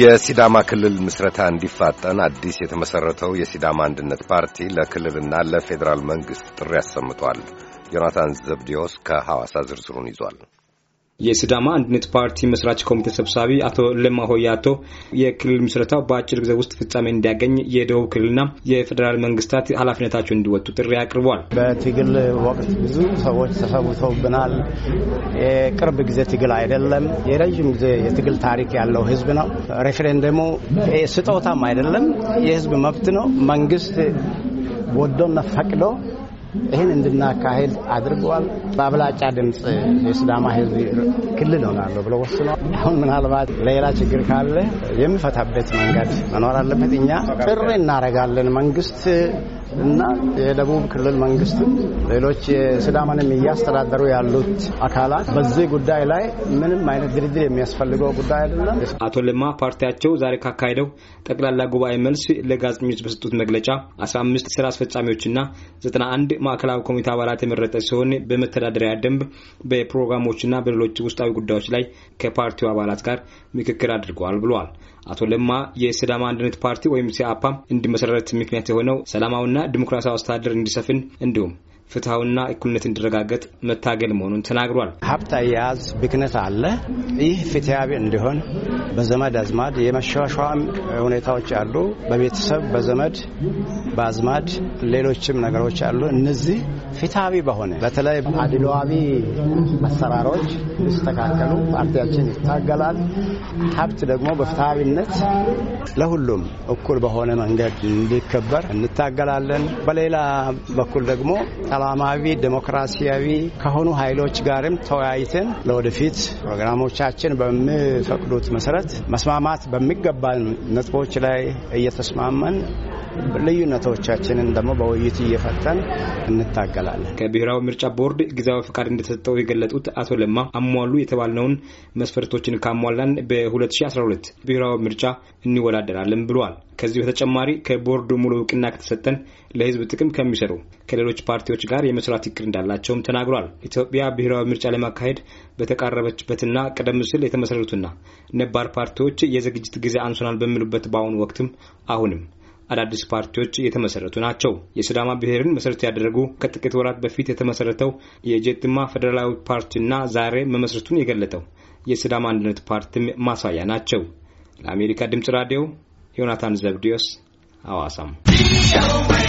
የሲዳማ ክልል ምስረታ እንዲፋጠን አዲስ የተመሠረተው የሲዳማ አንድነት ፓርቲ ለክልልና ለፌዴራል መንግሥት ጥሪ አሰምቷል። ዮናታን ዘብዲዮስ ከሐዋሳ ዝርዝሩን ይዟል። የስዳማ አንድነት ፓርቲ መስራች ኮሚቴ ሰብሳቢ አቶ ለማ ሆያቶ የክልል ምስረታው በአጭር ጊዜ ውስጥ ፍጻሜ እንዲያገኝ የደቡብ ክልልና የፌዴራል መንግስታት ኃላፊነታቸው እንዲወጡ ጥሪ አቅርቧል። በትግል ወቅት ብዙ ሰዎች ተሰውተውብናል። የቅርብ ጊዜ ትግል አይደለም። የረዥም ጊዜ የትግል ታሪክ ያለው ህዝብ ነው። ሬፍሬንደሙ ስጦታም አይደለም፣ የህዝብ መብት ነው። መንግስት ወዶና ፈቅዶ ይህን እንድናካሄድ አድርገዋል። በአብላጫ ድምፅ የሲዳማ ህዝብ ክልል ሆናለሁ ብሎ ወስኗል አሁን ምናልባት ሌላ ችግር ካለ የሚፈታበት መንገድ መኖር አለበት። እኛ ጥሪ እናደርጋለን መንግስት እና የደቡብ ክልል መንግስትም ሌሎች ስዳማንም እያስተዳደሩ ያሉት አካላት በዚህ ጉዳይ ላይ ምንም አይነት ድርድር የሚያስፈልገው ጉዳይ አይደለም። አቶ ለማ ፓርቲያቸው ዛሬ ካካሄደው ጠቅላላ ጉባኤ መልስ ለጋዜጠኞች በሰጡት መግለጫ 15 ስራ አስፈጻሚዎችና 91 ማዕከላዊ ኮሚቴ አባላት የመረጠ ሲሆን በመተዳደሪያ ደንብ በፕሮግራሞችና በሌሎች ውስጣዊ ጉዳዮች ላይ ከፓርቲው አባላት ጋር ምክክር አድርገዋል ብሏል። አቶ ለማ የሲዳማ አንድነት ፓርቲ ወይም ሲአፓ እንዲመሰረት ምክንያት የሆነው ሰላማዊና ዲሞክራሲያዊ አስተዳደር እንዲሰፍን እንዲሁም ፍትሐውና እኩልነት እንዲረጋገጥ መታገል መሆኑን ተናግሯል። ሀብት አያያዝ ብክነት አለ። ይህ ፍትሐዊ እንዲሆን በዘመድ አዝማድ የመሸዋሸዋም ሁኔታዎች አሉ። በቤተሰብ በዘመድ በአዝማድ ሌሎችም ነገሮች አሉ። እነዚህ ፍትሐዊ በሆነ በተለይ አድሏዊ አሰራሮች ይስተካከሉ፣ ፓርቲያችን ይታገላል። ሀብት ደግሞ በፍትሐዊነት ለሁሉም እኩል በሆነ መንገድ እንዲከበር እንታገላለን። በሌላ በኩል ደግሞ ሰላማዊ ዴሞክራሲያዊ ከሆኑ ኃይሎች ጋርም ተወያይተን ለወደፊት ፕሮግራሞቻችን በሚፈቅዱት መሰረት መስማማት በሚገባን ነጥቦች ላይ እየተስማመን ልዩነቶቻችንን ደግሞ በውይይት እየፈተን እንታገላለን። ከብሔራዊ ምርጫ ቦርድ ጊዜያዊ ፍቃድ እንደተሰጠው የገለጡት አቶ ለማ አሟሉ የተባልነውን መስፈርቶችን ካሟላን በ2012 ብሔራዊ ምርጫ እንወዳደራለን ብለዋል። ከዚህ በተጨማሪ ከቦርዱ ሙሉ እውቅና ከተሰጠን ለህዝብ ጥቅም ከሚሰሩ ከሌሎች ፓርቲዎች ጋር የመስራት እቅድ እንዳላቸውም ተናግሯል። ኢትዮጵያ ብሔራዊ ምርጫ ለማካሄድ በተቃረበችበትና ቀደም ሲል የተመሰረቱና ነባር ፓርቲዎች የዝግጅት ጊዜ አንሶናል በሚሉበት በአሁኑ ወቅትም አሁንም አዳዲስ ፓርቲዎች የተመሰረቱ ናቸው። የሲዳማ ብሔርን መሰረት ያደረጉ ከጥቂት ወራት በፊት የተመሰረተው የጀትማ ፌዴራላዊ ፓርቲና ዛሬ መመስረቱን የገለጠው የሲዳማ አንድነት ፓርቲም ማሳያ ናቸው። ለአሜሪካ ድምፅ ራዲዮ ዮናታን ዘብዲዮስ ሐዋሳም